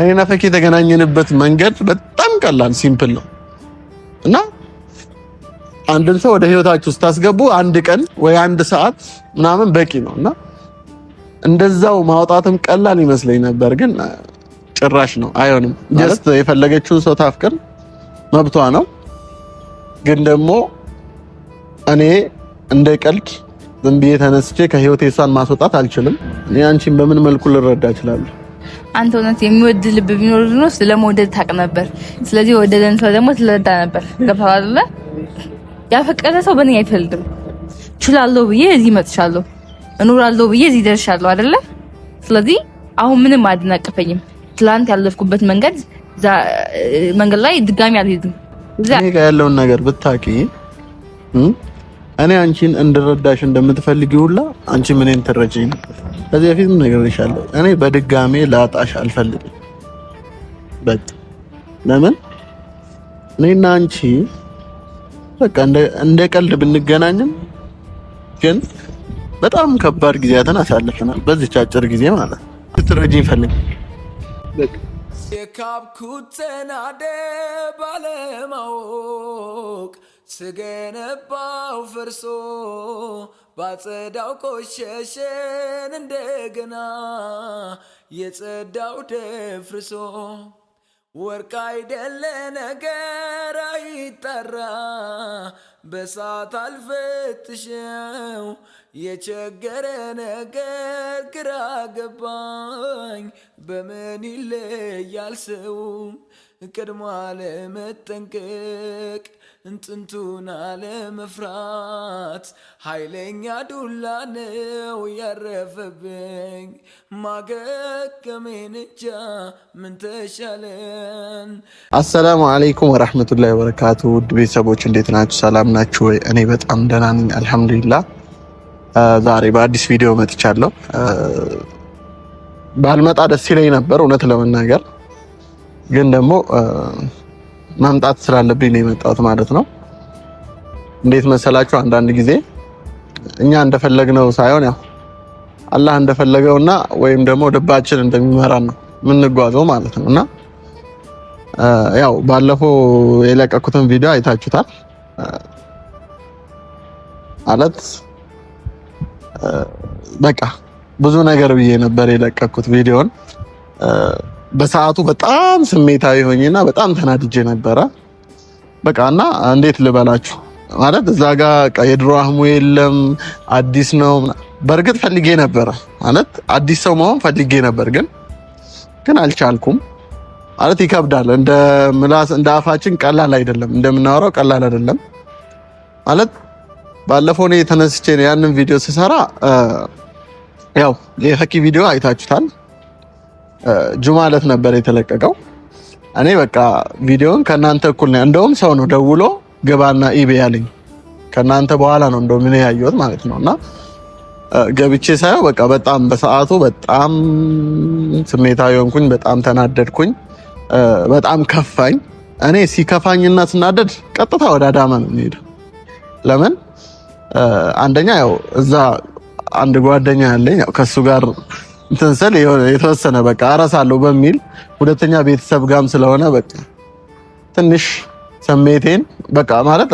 እኔና ፈኪ የተገናኘንበት መንገድ በጣም ቀላል ሲምፕል ነው እና አንድን ሰው ወደ ህይወታችሁ ስታስገቡ አንድ ቀን ወይ አንድ ሰዓት ምናምን በቂ ነው እና እንደዛው ማውጣትም ቀላል ይመስለኝ ነበር፣ ግን ጭራሽ ነው አይሆንም። ጀስት የፈለገችውን ሰው ታፍቅር መብቷ ነው። ግን ደግሞ እኔ እንደ ቀልድ ዝም ብዬ ተነስቼ ከህይወቴ እሷን ማስወጣት አልችልም። እኔ አንቺን በምን መልኩ ልረዳ እችላለሁ? አንተ እውነት የሚወድ ልብ ቢኖር ነው ስለመውደድ ታቅ ነበር። ስለዚህ ወደደን ሰው ደግሞ ስለረዳ ነበር። ገብተዋል አይደለ? ያፈቀደ ሰው በእኔ አይፈልድም። ችላለሁ ብዬ እዚህ መጥቻለሁ፣ እኖራለሁ ብዬ እዚህ ደርሻለሁ አይደለ? ስለዚህ አሁን ምንም አያደናቅፈኝም። ትላንት ያለፍኩበት መንገድ መንገድ ላይ ድጋሚ አልሄድም። እኔ ጋር ያለውን ነገር ብታውቂ እኔ አንቺን እንድረዳሽ እንደምትፈልጊ ሁላ አንቺ ምንን ትረጂኝ። ከዚህ በፊት ምን ነግሬሻለሁ። እኔ በድጋሜ ላጣሽ አልፈልግም። በቃ ለምን እኔና አንቺ በቃ እንደ ቀልድ ብንገናኝም ግን በጣም ከባድ ጊዜያትን አሳልፈናል። በዚች አጭር ጊዜ ማለት ነው። ትረጂኝ ፈልግ የካብኩት ተናደ ባለማወቅ ስገነባው ፈርሶ ባጸዳው ቆሸሸን እንደገና የጸዳው ደፍርሶ ወርቅ አይደለ ነገር አይጠራ በሳት አልፈትሸው የቸገረ ነገር ግራ ገባኝ በምን ይለያል ሰው ቅድሞ አለመጠንቀቅ እንጥንቱን አለመፍራት ኃይለኛ ዱላ ነው ያረፈብኝ። ማገገሜን እንጃ ምን ተሻለን። አሰላሙ አለይኩም ወራህመቱላሂ ወበረካቱ። ውድ ቤተሰቦች እንዴት ናችሁ? ሰላም ናችሁ ወይ? እኔ በጣም ደህና ነኝ አልሐምዱሊላህ። ዛሬ በአዲስ ቪዲዮ መጥቻለሁ። ባልመጣ ደስ ይለኝ ነበር እውነት ለመናገር ግን ደግሞ መምጣት ስላለብኝ ነው የመጣሁት ማለት ነው። እንዴት መሰላችሁ? አንዳንድ ጊዜ እኛ እንደፈለግነው ሳይሆን ያው አላህ እንደፈለገውና ወይም ደግሞ ልባችን እንደሚመራን ነው የምንጓዘው ማለት ነው እና ያው ባለፈው የለቀኩትን ቪዲዮ አይታችሁታል። ማለት በቃ ብዙ ነገር ብዬ ነበር የለቀኩት ቪዲዮን በሰዓቱ በጣም ስሜታዊ ሆኜና በጣም ተናድጄ ነበረ። በቃ እና እንዴት ልበላችሁ ማለት እዛ ጋር የድሮ አህሙ የለም አዲስ ነው። በእርግጥ ፈልጌ ነበረ ማለት አዲስ ሰው መሆን ፈልጌ ነበር፣ ግን ግን አልቻልኩም። ማለት ይከብዳል። እንደ ምላስ እንደ አፋችን ቀላል አይደለም፣ እንደምናወራው ቀላል አይደለም። ማለት ባለፈው እኔ የተነስቼ ያንን ቪዲዮ ስሰራ ያው የፈኪ ቪዲዮ አይታችሁታል። ጁማ ዕለት ነበር የተለቀቀው። እኔ በቃ ቪዲዮን ከእናንተ እኩል ነው። እንደውም ሰው ነው ደውሎ ግባና ኢቤ ያለኝ ከእናንተ በኋላ ነው እንደውም እኔ ያየሁት ማለት ነው። እና ገብቼ ሳየው በቃ በጣም በሰዓቱ በጣም ስሜታዊ ሆንኩኝ። በጣም ተናደድኩኝ። በጣም ከፋኝ። እኔ ሲከፋኝና ስናደድ ቀጥታ ወደ አዳማ ነው የሚሄደው። ለምን አንደኛ ያው እዛ አንድ ጓደኛ ያለኝ ከእሱ ጋር እንትን ስል የተወሰነ በቃ አረሳለሁ በሚል ሁለተኛ ቤተሰብ ጋም ስለሆነ በቃ ትንሽ ስሜቴን በቃ ማለት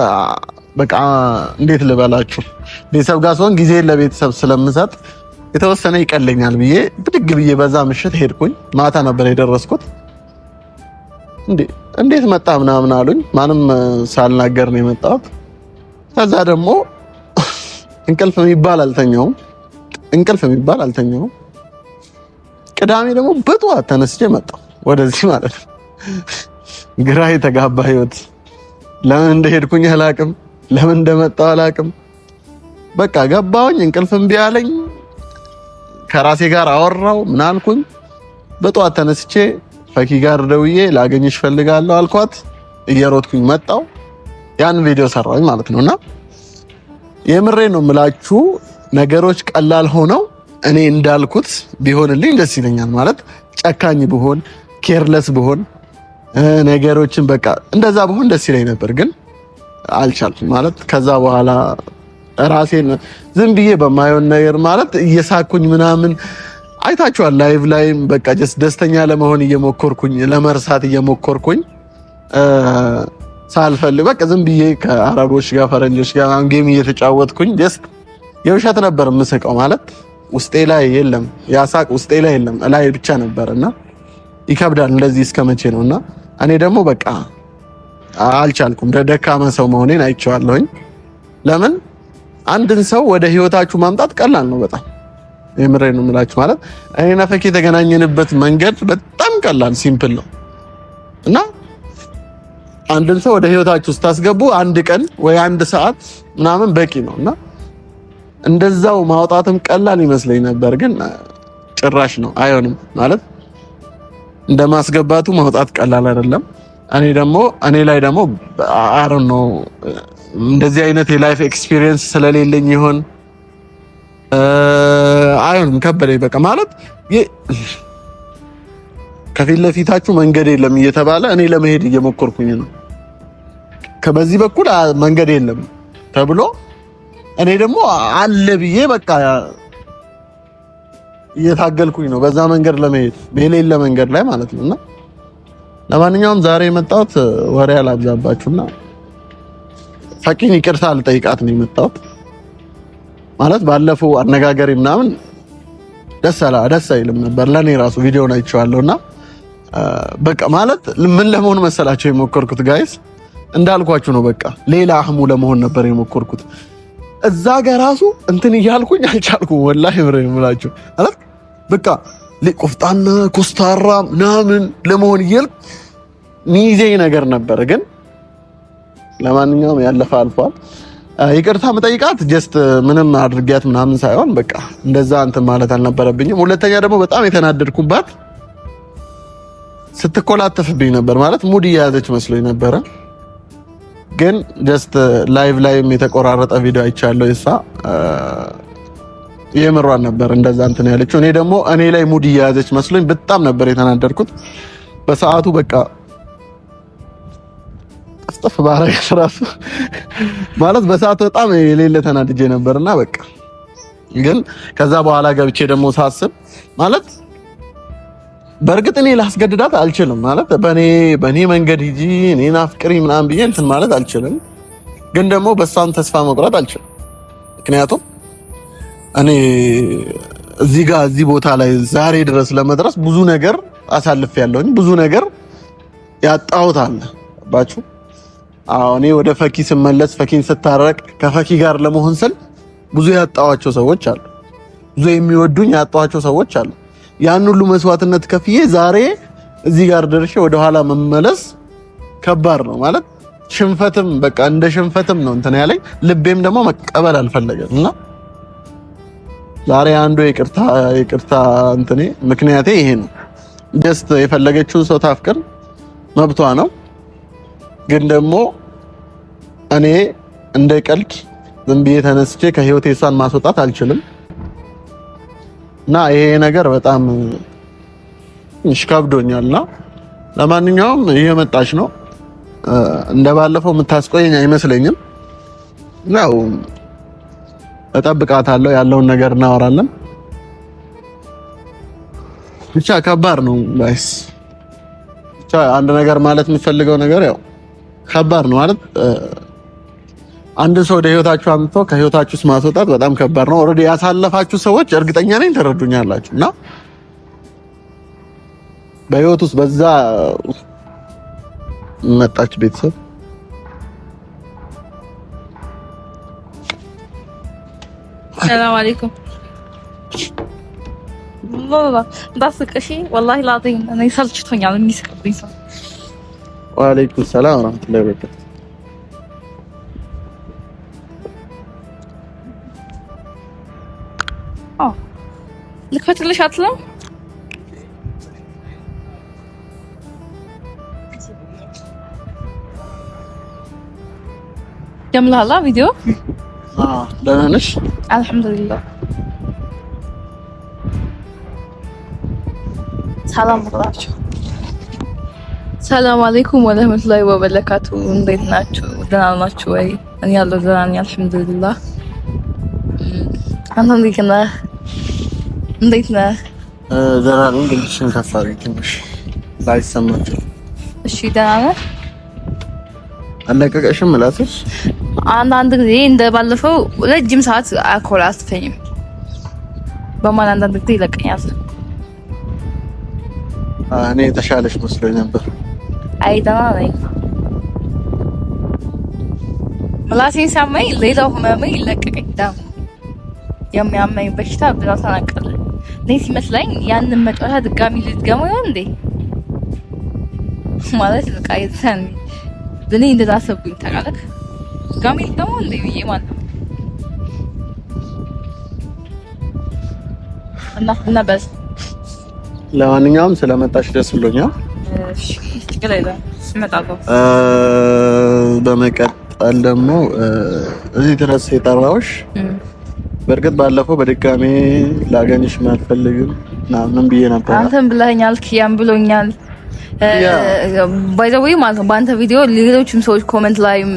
በቃ እንዴት ልበላችሁ ቤተሰብ ጋር ሲሆን ጊዜ ለቤተሰብ ስለምሰጥ የተወሰነ ይቀለኛል ብዬ ብድግ ብዬ በዛ ምሽት ሄድኩኝ። ማታ ነበር የደረስኩት። እንዴት መጣ ምናምን አሉኝ። ማንም ሳልናገር ነው የመጣሁት። ከዛ ደግሞ እንቅልፍ የሚባል አልተኛውም። እንቅልፍ የሚባል አልተኛውም። ቅዳሜ ደግሞ በጠዋት ተነስቼ መጣሁ ወደዚህ ማለት ነው። ግራ የተጋባ ህይወት። ለምን እንደሄድኩኝ አላቅም፣ ለምን እንደመጣሁ አላቅም። በቃ ገባሁኝ፣ እንቅልፍ እምቢ አለኝ። ከራሴ ጋር አወራው ምናልኩኝ። በጠዋት ተነስቼ ፈኪ ጋር ደውዬ ላገኝሽ ፈልጋለሁ አልኳት። እየሮጥኩኝ መጣሁ። ያን ቪዲዮ ሰራሁኝ ማለት ነውና የምሬ ነው የምላችሁ ነገሮች ቀላል ሆነው እኔ እንዳልኩት ቢሆንልኝ ደስ ይለኛል። ማለት ጨካኝ ብሆን፣ ኬርለስ ብሆን፣ ነገሮችን በቃ እንደዛ ብሆን ደስ ይለኝ ነበር፣ ግን አልቻልኩም። ማለት ከዛ በኋላ ራሴን ዝም ብዬ በማየውን ነገር ማለት እየሳኩኝ ምናምን አይታችኋል። ላይቭ ላይም በቃ ጀስት ደስተኛ ለመሆን እየሞከርኩኝ ለመርሳት እየሞከርኩኝ ሳልፈልግ በቃ ዝም ብዬ ከአረቦች ጋር ፈረንጆች ጋር ጌም እየተጫወትኩኝ ጀስት የውሸት ነበር የምስቀው ማለት ውስጤ ላይ የለም፣ ያሳቅ ውስጤ ላይ የለም፣ ላይ ብቻ ነበር እና ይከብዳል። እንደዚህ እስከ መቼ ነው? እና እኔ ደግሞ በቃ አልቻልኩም። ደደካመ ሰው መሆኔን አይቼዋለሁኝ። ለምን አንድን ሰው ወደ ህይወታችሁ ማምጣት ቀላል ነው በጣም የምሬ ነው የምላችሁ። ማለት እኔ ነፈክ የተገናኘንበት መንገድ በጣም ቀላል ሲምፕል ነው እና አንድን ሰው ወደ ህይወታችሁ ስታስገቡ አንድ ቀን ወይ አንድ ሰዓት ምናምን በቂ ነው እና እንደዛው ማውጣትም ቀላል ይመስለኝ ነበር፣ ግን ጭራሽ ነው አይሆንም። ማለት እንደ ማስገባቱ ማውጣት ቀላል አይደለም። እኔ ደግሞ እኔ ላይ ደግሞ አይ ነው እንደዚህ አይነት የላይፍ ኤክስፒሪየንስ ስለሌለኝ ይሆን አይሆንም። ከበደኝ በቃ ማለት ከፊት ለፊታችሁ መንገድ የለም እየተባለ እኔ ለመሄድ እየሞከርኩኝ ነው። ከበዚህ በኩል መንገድ የለም ተብሎ እኔ ደግሞ አለ ብዬ በቃ እየታገልኩኝ ነው፣ በዛ መንገድ ለመሄድ በሌለ መንገድ ላይ ማለት ነውና፣ ለማንኛውም ዛሬ የመጣሁት ወሬ አላብዛባችሁና ፈቂን ይቅርታ ልጠይቃት ነው የመጣሁት። ማለት ባለፈው አነጋገሪ ምናምን ደስ አላ ደስ አይልም ነበር ለኔ ራሱ ቪዲዮውን አይቼዋለሁና በቃ ማለት ምን ለመሆን መሰላቸው የሞከርኩት ጋይስ እንዳልኳችሁ ነው። በቃ ሌላ አህሙ ለመሆን ነበር የሞከርኩት። እዛ ጋር ራሱ እንትን እያልኩኝ አልቻልኩ። ወላሂ ብሬን የምላቸው አላት በቃ ቆፍጣና ኮስታራ ምናምን ለመሆን እያልኩ ሚይዘኝ ነገር ነበር። ግን ለማንኛውም ያለፈ አልፏል። ይቅርታ መጠይቃት ጀስት ምንም አድርጊያት ምናምን ሳይሆን በቃ እንደዛ እንትን ማለት አልነበረብኝም። ሁለተኛ ደግሞ በጣም የተናደድኩባት ስትኮላተፍብኝ ነበር ማለት ሙድ እየያዘች መስሎኝ ነበረ። ግን ጀስት ላይቭ uh, ላይም የተቆራረጠ ቪዲዮ አይቻለሁ። ይሳ uh, የምሯን ነበር እንደዛ እንትን ያለችው። እኔ ደግሞ እኔ ላይ ሙድ እየያዘች መስሎኝ በጣም ነበር የተናደርኩት በሰዓቱ። በቃ አስጠፍ ባረግ ራሱ ማለት በሰዓቱ በጣም የሌለ ተናድጄ ነበርና በቃ ግን ከዛ በኋላ ገብቼ ደግሞ ሳስብ ማለት በእርግጥ እኔ ላስገድዳት አልችልም። ማለት በእኔ በእኔ መንገድ ሂጂ እኔን አፍቅሪ ምናምን ብዬ እንትን ማለት አልችልም። ግን ደግሞ በእሷን ተስፋ መቁረጥ አልችልም። ምክንያቱም እኔ እዚህ ጋር እዚህ ቦታ ላይ ዛሬ ድረስ ለመድረስ ብዙ ነገር አሳልፍ ያለውኝ ብዙ ነገር ያጣሁት አለ ባችሁ። እኔ ወደ ፈኪ ስመለስ ፈኪን ስታረቅ ከፈኪ ጋር ለመሆን ስል ብዙ ያጣኋቸው ሰዎች አሉ። ብዙ የሚወዱኝ ያጣኋቸው ሰዎች አሉ። ያን ሁሉ መስዋዕትነት ከፍዬ ዛሬ እዚህ ጋር ደርሼ ወደኋላ መመለስ ከባድ ነው ማለት ሽንፈትም በቃ እንደ ሽንፈትም ነው እንትን ያለኝ። ልቤም ደግሞ መቀበል አልፈለገም እና ዛሬ አንዱ ይቅርታ ይቅርታ እንትኔ ምክንያቴ ይሄ ነው። ጀስት የፈለገችውን ሰው ታፍቅር መብቷ ነው። ግን ደግሞ እኔ እንደ ቀልድ ዝም ብዬ ተነስቼ ከህይወቴ እሷን ማስወጣት አልችልም። እና ይሄ ነገር በጣም ሽከብዶኛልና ለማንኛውም እየመጣች ነው። እንደባለፈው የምታስቆየኝ አይመስለኝም። ያው እጠብቃታለሁ። ያለውን ነገር እናወራለን። ብቻ ከባድ ነው ጋይስ። ብቻ አንድ ነገር ማለት የምፈልገው ነገር ያው ከባድ ነው ማለት አንድ ሰው ወደ ህይወታችሁ አምጥቶ ከህይወታችሁ ውስጥ ማስወጣት በጣም ከባድ ነው። ኦልሬዲ ያሳለፋችሁ ሰዎች እርግጠኛ ነኝ ተረዱኛላችሁ። እና በህይወት ውስጥ በዛ መጣች ቤተሰብ ሰላም አለይኩም እንዳስቅ እሺ። ወላሂ ላጤን እኔ ሰልችቶኛል የሚስቅብኝ ሰው። ወአለይኩም ሰላም ወራህመቱላሂ ወበረካቱ لكفتر ليش عطلة؟ كم لها الله فيديو؟ اه لا نش؟ الحمد لله سلام الله سلام عليكم ورحمة الله وبركاته ونضيت ناتشو ودنا ناتشو أي أنا يلا دنا الحمد لله أنا ليك እንዴት ነህ? ደህና ነኝ። ድምፅሽን ከፍ አድርጊ ትንሽ ላይሰማችሁ። እሺ ደህና ነህ? አለቀቀሽም? ምላስሽ አንዳንድ ጊዜ እንደ ባለፈው ረጅም ሰዓት አልኮል አትተኝም። በማን አንዳንድ ጊዜ ይለቀኛል። እኔ የተሻለሽ መስሎኝ ነበር። አይ ደህና ነኝ። ምላሴን ሲያመኝ ሌላው ህመሜ ይለቀቀኝ። ዳም የሚያመኝ በሽታ ብዛት ተናቀለኝ እኔ ሲመስለኝ ያንን መጫወታ ድጋሚ ልድገመው ይሆን እንዴ ማለት በቃ የዛን እኔ እንደዛ አሰብኩኝ። ታውቃለህ ድጋሚ ልድገመው እንዴ ብዬ ማለት ነው። እና እና በስ ለማንኛውም ስለመጣሽ ደስ ብሎኛል። እሺ ችግር የለም እመጣለሁ። በመቀጠል ደግሞ እዚህ ድረስ የጠራሁሽ በእርግጥ ባለፈው በድጋሜ ላገኝሽ አልፈልግም ምናምን ብዬ ነበር። አንተም ብለኛል፣ ኪያም ብሎኛል። ባይዘዌ ማለት ነው በአንተ ቪዲዮ ሌሎችም ሰዎች ኮመንት ላይም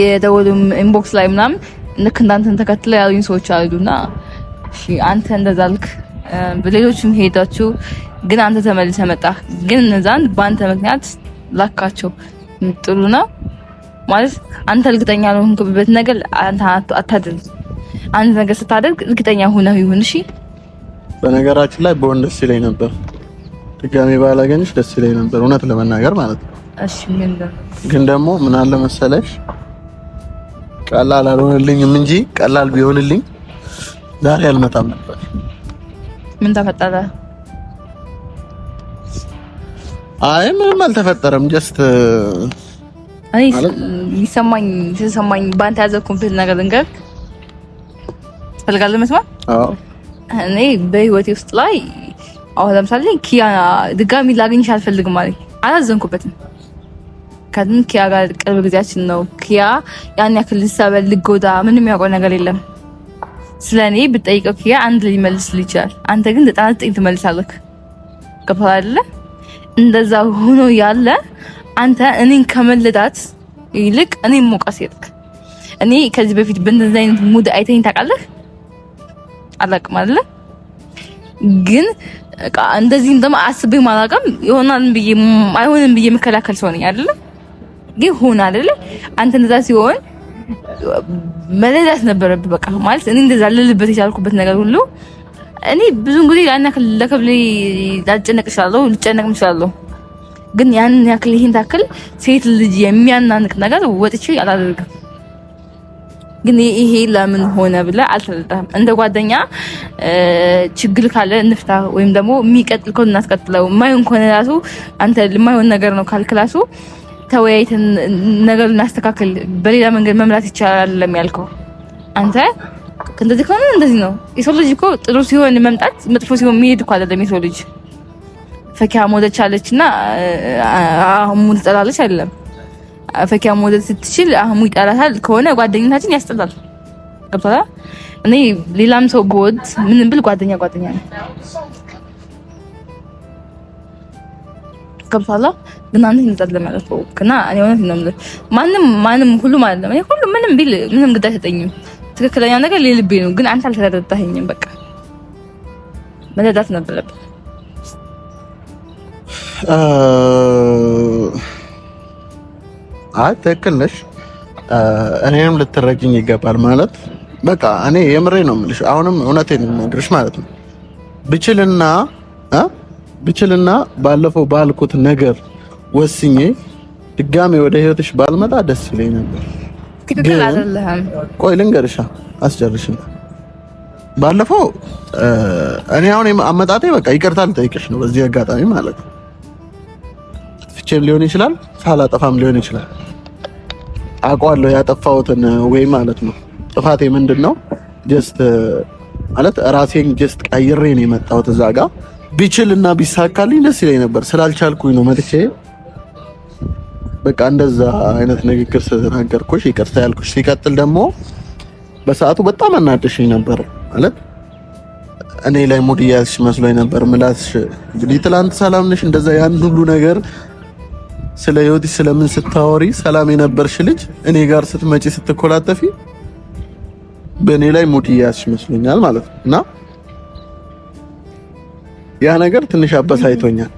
የደወሉም ኢንቦክስ ላይ ምናምን ልክ እንዳንተን ተከትለ ያሉኝ ሰዎች አሉና አንተ እንደዛልክ በሌሎችም ሄዳችሁ ግን አንተ ተመልሰ መጣ። ግን እነዛን በአንተ ምክንያት ላካቸው ጥሩ ነው ማለት አንተ እርግጠኛ ነው ነገር አንተ አታድርግ አንድ ነገር ስታደርግ እርግጠኛ ሆነህ ይሁን። እሺ። በነገራችን ላይ በሆን ደስ ይለኝ ነበር፣ ድጋሜ ባላገኝሽ ደስ ይለኝ ነበር፣ እውነት ለመናገር ማለት ነው። እሺ። ግን ደግሞ ምን አለ መሰለሽ ቀላል አልሆነልኝም እንጂ ቀላል ቢሆንልኝ ዛሬ አልመጣም ነበር። ምን ተፈጠረ? አይ ምንም አልተፈጠረም። ጀስት አይ ይሰማኝ ስለሰማኝ በአንተ ያዘብኩት ነገር ልንገርህ ትፈልጋለህ መስማት? እኔ በህይወቴ ውስጥ ላይ አሁን ለምሳሌ ኪያ ድጋሚ ላገኝሽ አልፈልግም ማለት አላዘንኩበትም። ከዚህ ኪያ ጋር ቅርብ ጊዜያችን ነው። ኪያ ያን ያክል ልሰበል ልጎዳ ምንም ያቆ ነገር የለም። ስለኔ ብጠይቀው ኪያ አንድ ሊመልስ ይችላል። አንተ ግን ዘጠና ዘጠኝ ትመልሳለህ። ገብቶሃል አይደለ? እንደዛ ሆኖ ያለ አንተ እኔን ከመለዳት ይልቅ እኔን ሞቀስ ይልቅ እኔ ከዚህ በፊት በእንደዚህ አይነት ሙድ አይተኝ ታውቃለህ? አላቅም አይደለ? ግን እንደዚህ ደግሞ አስቤ ማላቀም ይሆናል ብዬ አይሆንም ብዬ መከላከል ሰው ነኝ አይደለ? ግን ሆነ አይደለ? አንተ እንደዛ ሲሆን መለዳት ነበረብህ። በቃ ማለት እኔ እንደዛ ልልበት የቻልኩበት ነገር ሁሉ እኔ ብዙን ጊዜ ያን ያክል ለከብሌ ላጨነቅ እችላለሁ፣ ልጨነቅም እችላለሁ። ግን ያን ያክል ይሄን ታክል ሴት ልጅ የሚያናንቅ ነገር ወጥቼ አላደርግም። ግን ይሄ ለምን ሆነ ብለ አልተረዳህም። እንደ ጓደኛ ችግር ካለ እንፍታ፣ ወይም ደግሞ የሚቀጥል ከሆነ እናስቀጥለው። የማይሆን ከሆነ ራሱ አንተ የማይሆን ነገር ነው ካልክላሱ ተወያይተን ነገር እናስተካክል፣ በሌላ መንገድ መምራት ይቻላል ለሚያልከው አንተ እንደዚህ ከሆነ እንደዚህ ነው። የሰው ልጅ እኮ ጥሩ ሲሆን መምጣት መጥፎ ሲሆን የሚሄድ እኮ አይደለም የሰው ልጅ። ፈኪሃ ሞደች አለች እና አህሙ ትጠላለች አይደለም ፈኪያ ሞዴል ስትችል አህሙ ይጠላታል ከሆነ ጓደኝነታችን ያስጠላል። ገብቶሃል? እኔ ሌላም ሰው ብወድ ምንም ብል ጓደኛ ጓደኛ ነው። ገብቶሃል? ግን አንተ እንጠለ ማለት ነው። እና እኔ እውነት ነው የምልህ ማንም ማንም ሁሉም አይደለም። እኔ ሁሉም ምንም ቢል ምንም ግድ አይሰጠኝም። ትክክለኛ ነገር ልቤ ነው። ግን አንተ አልተረዳኸኝም። በቃ መረዳት ነበረብህ። አይ ትክክል ነሽ፣ እኔንም ልትረጅኝ ይገባል ማለት በቃ እኔ የምሬ ነው የምልሽ፣ አሁንም እውነቴን የምነግርሽ ማለት ነው። ብችልና ብችልና ባለፈው ባልኩት ነገር ወስኜ ድጋሜ ወደ ህይወትሽ ባልመጣ ደስ ይለኝ ነበር። ትክክል አይደለም። ቆይ ልንገርሻ፣ አስጨርሽኝ። ባለፈው እኔ አሁን አመጣጤ በቃ ይቅርታ ልጠይቅሽ ነው በዚህ አጋጣሚ ማለት ነው። ፍቼም ሊሆን ይችላል ሳላጠፋም ሊሆን ይችላል አውቀዋለሁ ያጠፋሁትን ወይ ማለት ነው። ጥፋቴ ምንድን ነው? ጀስት ማለት ራሴን ጀስት ቀይሬ ነው የመጣሁት እዛ ጋር ቢችል እና ቢሳካልኝ ደስ ይለኝ ነበር። ስላልቻልኩኝ ነው መጥቼ በቃ እንደዛ አይነት ንግግር ስለተናገርኩሽ ይቅርታ ያልኩሽ። ሲቀጥል ደግሞ በሰዓቱ በጣም አናደሽኝ ነበር ማለት እኔ ላይ ሙድ እያያዝሽ መስሎኝ ነበር። ምላስሽ እንግዲህ ትላንት ሰላም ነሽ እንደዛ ያን ሁሉ ነገር ስለ ህይወትሽ ስለምን ስታወሪ ሰላም የነበርሽ ልጅ እኔ ጋር ስትመጪ ስትኮላተፊ በእኔ ላይ ሙድ እያያዝሽ ይመስሉኛል ማለት ነው። እና ያ ነገር ትንሽ አበሳይቶኛል።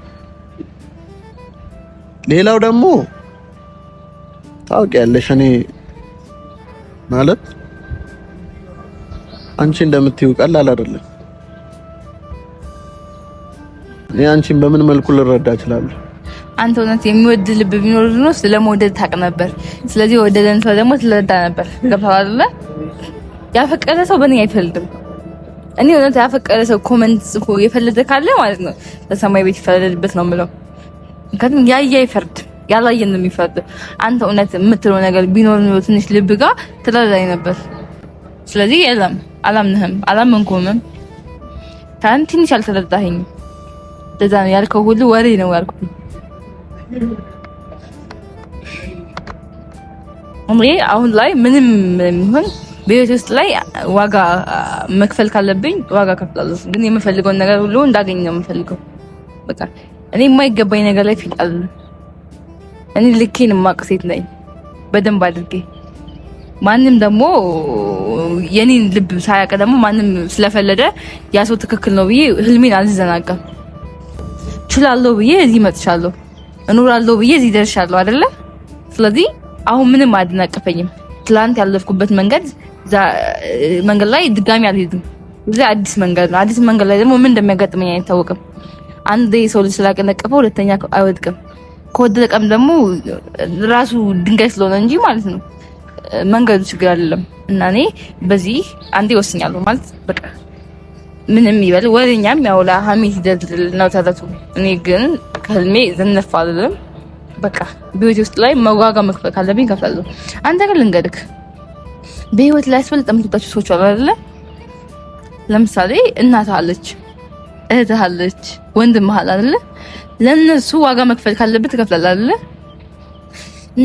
ሌላው ደግሞ ታውቂያለሽ፣ እኔ ማለት አንቺ እንደምትይው ቀላል አይደለም። እኔ አንቺን በምን መልኩ ልረዳ እችላለሁ? አንተ እውነት የሚወድ ልብ ቢኖር ነው ስለመውደድ ታቅ ነበር። ስለዚህ ወደደን ሰው ደግሞ ስለረዳ ነበር። ገብቶሃል አይደለ? ያፈቀደ ሰው በእኔ አይፈልድም። እኔ እውነት ያፈቀደ ሰው ኮመንት ጽፎ የፈለደ ካለ ማለት ነው ለሰማይ ቤት ይፈረድበት ነው የምለው። ምክንያቱም ያየ ይፈርድ፣ ያላየን ነው የሚፈርድ። አንተ እውነት የምትለው ነገር ቢኖር ነው ትንሽ ልብ ጋር ትረዳኝ ነበር። ስለዚህ የለም አላምንህም፣ አላመንኩህም። ታን ትንሽ አልተረዳኸኝም። ለዛ ነው ያልከው ሁሉ ወሬ ነው ያልኩት። እኔ አሁን ላይ ምንም የሚሆን ቤት ውስጥ ላይ ዋጋ መክፈል ካለብኝ ዋጋ ከፍላለሁ። ግን የምፈልገውን ነገር ሁሉ እንዳገኝ ነው የምፈልገው። በቃ እኔ የማይገባኝ ነገር ላይ ፊት እኔ ልኬን የማውቅ ሴት ነኝ በደንብ አድርጌ። ማንም ደግሞ የኔን ልብ ሳያውቅ ደግሞ ማንም ስለፈለደ ያ ሰው ትክክል ነው ብዬ ህልሜን አልዘናጋም። ችላለሁ ብዬ እዚህ መጥቻለሁ። እኖራለሁ ብዬ እዚህ ደርሻለሁ አይደለ? ስለዚህ አሁን ምንም አያደናቀፈኝም። ትላንት ያለፍኩበት መንገድ መንገድ ላይ ድጋሚ አልሄድም። እዚህ አዲስ መንገድ ነው። አዲስ መንገድ ላይ ደግሞ ምን እንደሚያጋጥመኝ አይታወቅም። አንዴ ሰው ልጅ ስላቀነቀፈ ሁለተኛ አይወድቅም። ከወደቀም ደግሞ ራሱ ድንጋይ ስለሆነ እንጂ ማለት ነው መንገዱ ችግር አይደለም። እና እኔ በዚህ አንዴ ወስኛለሁ ማለት በቃ ምንም ይበል ወደኛም ያውላ ሀሚት ይደልድል ነው ተረቱ። እኔ ግን ከህልሜ ዘነፍ አልልም። በቃ በህይወት ውስጥ ላይ መጓጋ መክፈል ካለብኝ እከፍላለሁ። አንተ ግን ልንገድክ በህይወት ላይ አስፈልጥ የምትወጣቸው ሰዎች አሉ አይደለ? ለምሳሌ እናት አለች፣ እህት አለች፣ ወንድምህ አለ አይደለ? ለእነሱ ዋጋ መክፈል ካለብህ ትከፍላለህ አይደለ?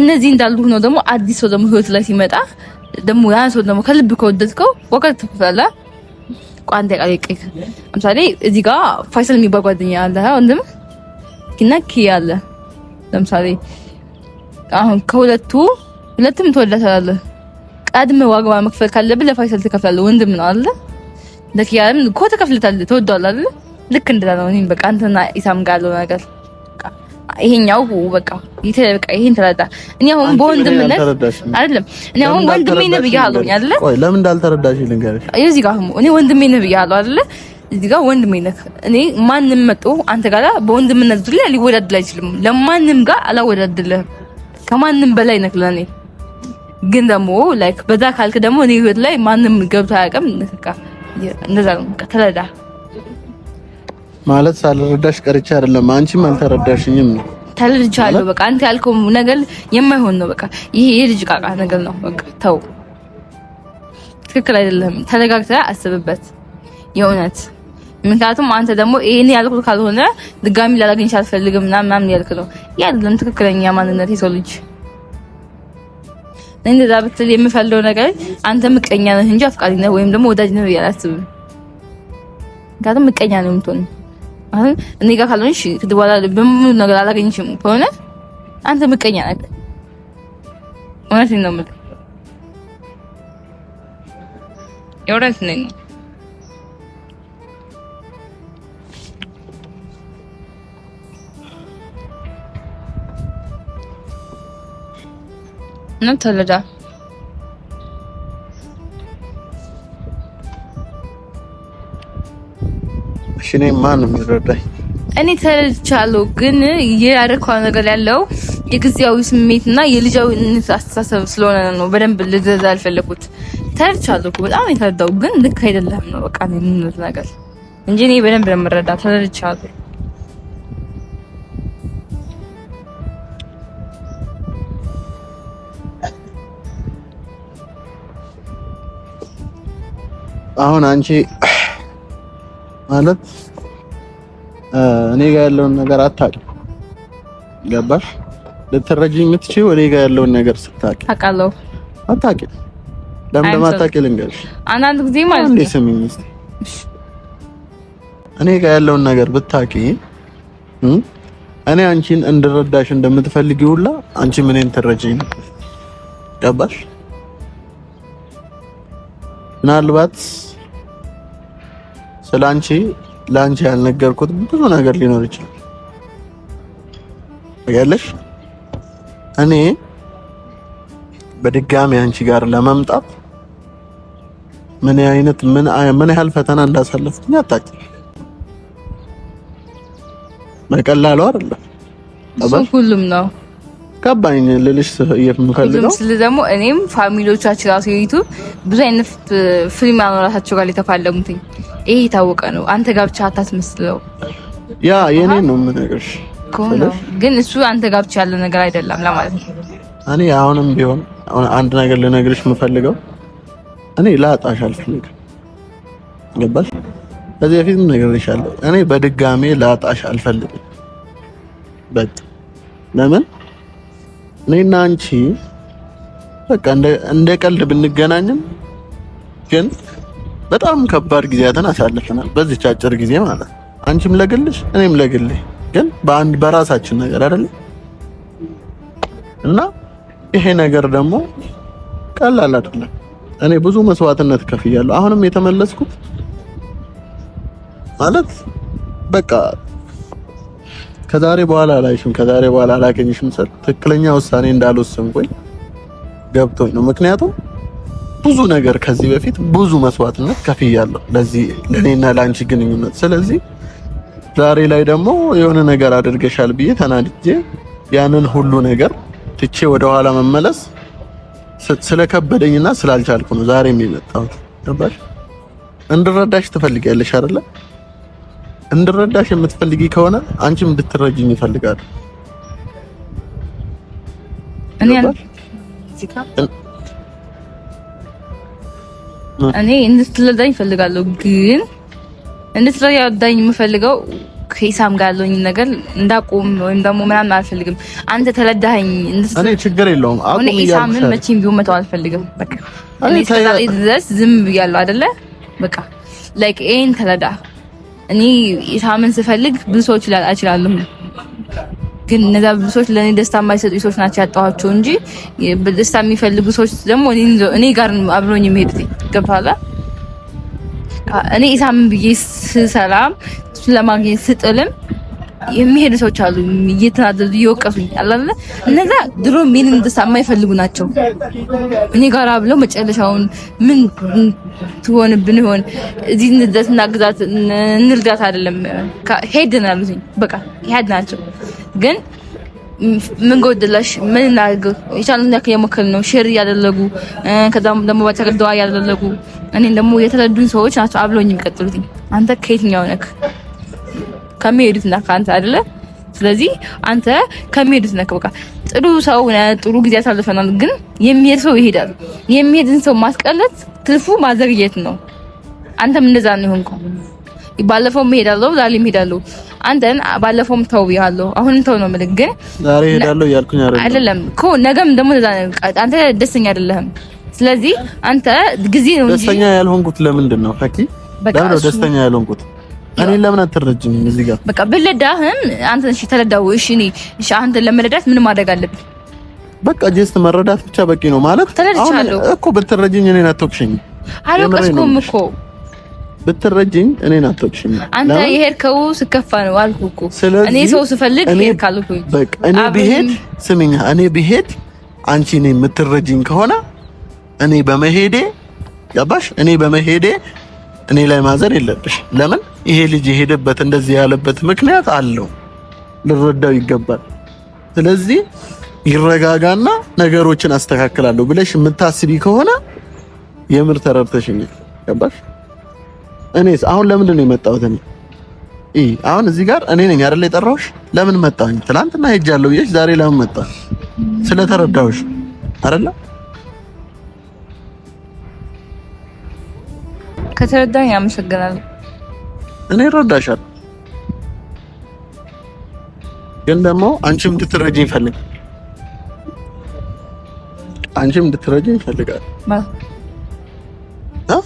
እነዚህ እንዳሉ ሆኖ ደግሞ አዲስ ሰው ደግሞ ህይወት ላይ ሲመጣ ደግሞ ያን ሰው ደግሞ ከልብ ከወደድከው ዋጋ ትከፍላለህ። ቋንጤ ቃል ለምሳሌ እዚህ ጋር ፋይሰል የሚባል ጓደኛ አለ ወንድም እና ኪ አለ። ለምሳሌ አሁን ከሁለቱ ሁለቱም ትወዳታለህ። ቀድም ዋጋ መክፈል ካለብህ ለፋይሰል ትከፍላለህ። ወንድም ነው አይደል? ለኪያም እኮ ትከፍልታለህ። ትወዳለህ አይደል? ልክ እንደዛ ነው። እኔም በቃ አንተና ኢሳም ጋር ያለው ነገር ይሄኛው በቃ ይሄ በቃ ይሄን ተረዳ። እኔ አሁን በወንድምነት አይደለም እኔ አሁን ወንድሜ ነህ ብያለሁ አይደል? ቆይ ለምን እንዳልተረዳሽ ልንገርሽ። እዚህ ጋር አሁን እኔ ወንድሜ ነህ ብያለሁ አይደለ? እዚህ ጋር ወንድሜ ነህ። እኔ ማንም መጥቶ አንተ ጋር በወንድምነት ዙሪያ ሊወዳደር አይችልም። ለማንም ጋር አላወዳደርልህም። ከማንም በላይ ነህ ለኔ። ግን ደግሞ ላይክ በዛ ካልክ ደግሞ እኔ ህይወት ላይ ማንም ገብቶ አያውቅም። ንስካ እንደዛ ነው። ተረዳ ማለት ሳልረዳሽ ቀርቼ አይደለም፣ አንቺም አልተረዳሽኝም ነው። ተረድቻለሁ። በቃ አንተ ያልከው ነገር የማይሆን ነው። በቃ ይሄ የልጅ ቃቃ ነገር ነው። በቃ ተው፣ ትክክል አይደለም። ተረጋግተህ አስብበት የእውነት ምክንያቱም አንተ ደግሞ ይሄን ያልኩ ካልሆነ ድጋሚ ላላገኝሽ አልፈልግም እና ምናምን ያልክ ነው። ያ አይደለም ትክክለኛ ማንነት የሰው ልጅ። እንደዛ ብትል የምፈልገው ነገር አንተ ምቀኛ ነህ እንጂ አፍቃሪ ነህ ወይም ደግሞ ወዳጅ ነህ ያላስብ። አላስብም። ምክንያቱም ምቀኛ ነው የምትሆን። አሁን እኔ ጋር ካልሆንሽ ከዚህ በኋላ በሙሉ ነገር አላገኝሽም ከሆነ አንተ ምቀኛ ነህ። እውነቴን ነው የምልህ። የእውነት ነኝ Ne tölera. እሺ እኔ ማን የሚረዳኝ? እኔ ተረድቻለሁ፣ ግን እያደረኳ ነገር ያለው የጊዜያዊ ስሜትና የልጃዊነት አስተሳሰብ ስለሆነ ነው። በደንብ ልዘዛ ያልፈለኩት ተረድቻለሁ በጣም የተረዳው፣ ግን ልክ አይደለም ነው በቃ ነው ነገር እንጂ እኔ በደንብ ነው ተረድቻለሁ። አሁን አንቺ ማለት እኔ ጋር ያለውን ነገር አታውቂም። ገባሽ? ልትረጂኝ የምትችይው እኔ ጋር ያለውን ነገር ስታውቂ። አውቃለሁ። አታውቂም። ለምን አታውቂ ልንገርሽ። አንዳንድ ጊዜ ማለት ነው። ስሚኝ እስኪ እኔ ጋር ያለውን ነገር ብታውቂ እኔ አንቺን እንድረዳሽ እንደምትፈልጊ ሁላ አንቺ ምን እኔን ትረጂኝ። ገባሽ? ምናልባት ስለ አንቺ ለአንቺ ያልነገርኩት ብዙ ነገር ሊኖር ይችላል። ያለሽ እኔ በድጋሚ አንቺ ጋር ለመምጣት ምን አይነት ምን ምን ያህል ፈተና እንዳሳለፍኩኝ አታውቂም። በቀላሉ አይደለም። ሁሉም ነው ገባኝ ልልሽ የምፈልገው ስለ ደግሞ እኔም ፋሚሊዎቻችን ራሱ የዩቱብ ብዙ አይነት ፊልም ያኖራታቸው ጋር የተፋለሙትኝ ይሄ የታወቀ ነው። አንተ ጋር ብቻ አታስመስለው። ያ የኔ ነው የምነግርሽ፣ ግን እሱ አንተ ጋር ብቻ ያለ ነገር አይደለም ለማለት ነው። እኔ አሁንም ቢሆን አንድ ነገር ልነግርሽ የምፈልገው እኔ ላጣሽ አልፈልግም። ገባሽ? ከዚህ በፊት እነግርሻለሁ፣ እኔ በድጋሜ ላጣሽ አልፈልግም። በቃ ለምን እኔና አንቺ በቃ እንደ ቀልድ ብንገናኝም ግን በጣም ከባድ ጊዜያትን አሳልፈናል። በዚች አጭር ጊዜ ማለት አንቺም ለግልሽ እኔም ለግልሽ ግን በአንድ በራሳችን ነገር አይደለ እና ይሄ ነገር ደግሞ ቀላል አይደለም። እኔ ብዙ መስዋዕትነት ከፍያለሁ። አሁንም የተመለስኩት ማለት በቃ ከዛሬ በኋላ አላይሽም፣ ከዛሬ በኋላ አላገኝሽም ስል ትክክለኛ ውሳኔ እንዳልወሰንኩኝ ገብቶኝ ነው። ምክንያቱም ብዙ ነገር ከዚህ በፊት ብዙ መስዋዕትነት ከፍያለሁ ለዚህ ለኔና ለአንቺ ግንኙነት። ስለዚህ ዛሬ ላይ ደግሞ የሆነ ነገር አድርገሻል ብዬ ተናድጄ ያንን ሁሉ ነገር ትቼ ወደኋላ መመለስ ስለከበደኝና ስላልቻልኩ ነው ዛሬ የመጣሁት። ገባሽ? እንድረዳሽ ትፈልጊያለሽ አይደለ? እንድረዳሽ የምትፈልጊ ከሆነ አንቺም እንድትረጅኝ ይፈልጋል። እኔ እንድትረዳኝ እፈልጋለሁ፣ ግን እንድትረዳኝ የምፈልገው ከኢሳም ጋር ያለኝ ነገር እንዳቆም ወይም ደግሞ ምናምን አልፈልግም። አንተ ተረዳኸኝ። እኔ ችግር የለውም። ኢሳምን መቼም ቢሆን መተው አልፈልግም። በቃ እኔ ድረስ ዝም ብያለሁ አይደለ? በቃ ላይክ ይሄን ተረዳህ እኔ ኢሳምን ስፈልግ ብዙ ሰዎች አችላለሁ፣ ግን እነዛ ብዙ ሰዎች ለእኔ ደስታ የማይሰጡ ሰዎች ናቸው ያጣኋቸው እንጂ ደስታ የሚፈልጉ ሰዎች ደግሞ እኔ ጋር አብሮኝ የሚሄዱት ገብቶሃል። እኔ ኢሳምን ብዬ ስሰላም ለማግኘት ስጥልም የሚሄዱ ሰዎች አሉ፣ እየተናደዱ እየወቀሱኝ አላለ። እነዛ ድሮ ምን እንደሳ የማይፈልጉ ናቸው። እኔ ጋራ ብለው መጨረሻውን ምን ትሆንብን ይሆን? እዚህ እንደት እናግዛት እንርዳት አይደለም ሄድን አሉኝ። በቃ ሄድ ናቸው ግን ምን ጎደላሽ? ምን እናድርግ? የቻለን ያክል የሞከል ነው ሼር እያደረጉ ከዛም ደግሞ ባቻገል ደዋ እያደረጉ እኔ ደግሞ የተረዱኝ ሰዎች ናቸው አብሎኝ የሚቀጥሉት። አንተ ከየትኛው ነክ ከሚሄዱት ነህ አንተ አይደለ? ስለዚህ አንተ ከሚሄዱት ነህ። በቃ ጥሩ ሰው ነህ። ጥሩ ጊዜ አሳልፈናል። ግን የሚሄድ ሰው ይሄዳል። የሚሄድን ሰው ማስቀረት ትልፉ ማዘግየት ነው። አንተም እንደዛ ነው የሆንከው። ባለፈው እሄዳለሁ ዛሬ እሄዳለሁ። አንተን ባለፈውም ተው ብያለሁ፣ አሁንም ተው ነው የምልህ። ግን ዛሬ እሄዳለሁ እያልኩኝ አይደለም እኮ ነገም ደግሞ እንደዛ ነው። አንተ ደስተኛ አይደለህም። ስለዚህ አንተ ጊዜ ነው እንጂ ደስተኛ ያልሆንኩት ለምንድን ነው ፈኪ? ለምን ደስተኛ ያልሆንኩት? እኔ ለምን አትረጅም? እዚህ ጋር በቃ ብልዳህም አንተ እሺ፣ ተለዳው። እሺ፣ እኔ እሺ፣ አንተ ለመረዳት ምን ማድረግ አለብኝ? በቃ ጀስት መረዳት ብቻ በቂ ነው ማለት። ተለድቻለሁ እኮ ብትረጅኝ፣ እኔን አትወቅሽኝ። አልወቀስኩም እኮ ብትረጅኝ፣ እኔን አትወቅሽኝ። አንተ የሄድከው ስከፋ ነው አልኩ እኮ። እኔ ሰው ስፈልግ ሄድክ አልኩኝ። በቃ እኔ ብሄድ፣ ስሚኝ፣ እኔ ብሄድ አንቺ እኔን የምትረጅኝ ከሆነ እኔ በመሄዴ ገባሽ? እኔ በመሄዴ እኔ ላይ ማዘር የለብሽ። ለምን ይሄ ልጅ የሄደበት እንደዚህ ያለበት ምክንያት አለው፣ ልረዳው ይገባል። ስለዚህ ይረጋጋና ነገሮችን አስተካክላለሁ ብለሽ የምታስቢ ከሆነ የምር ተረድተሽኛል። ገባሽ? እኔስ አሁን ለምንድን ነው የመጣሁት? እኔ እ አሁን እዚህ ጋር እኔ ነኝ አይደል የጠራሁሽ? ለምን መጣሁኝ? ትናንትና ሄጃለሁ ብዬሽ ዛሬ ለምን መጣሁ? ስለተረዳሁሽ አይደል? ከተረዳኝ አመሰግናለሁ። እኔ እረዳሻለሁ፣ ግን ደግሞ አንቺም እንድትረጂኝ ፈልግ አንቺም እንድትረጂኝ ፈልጋለሁ።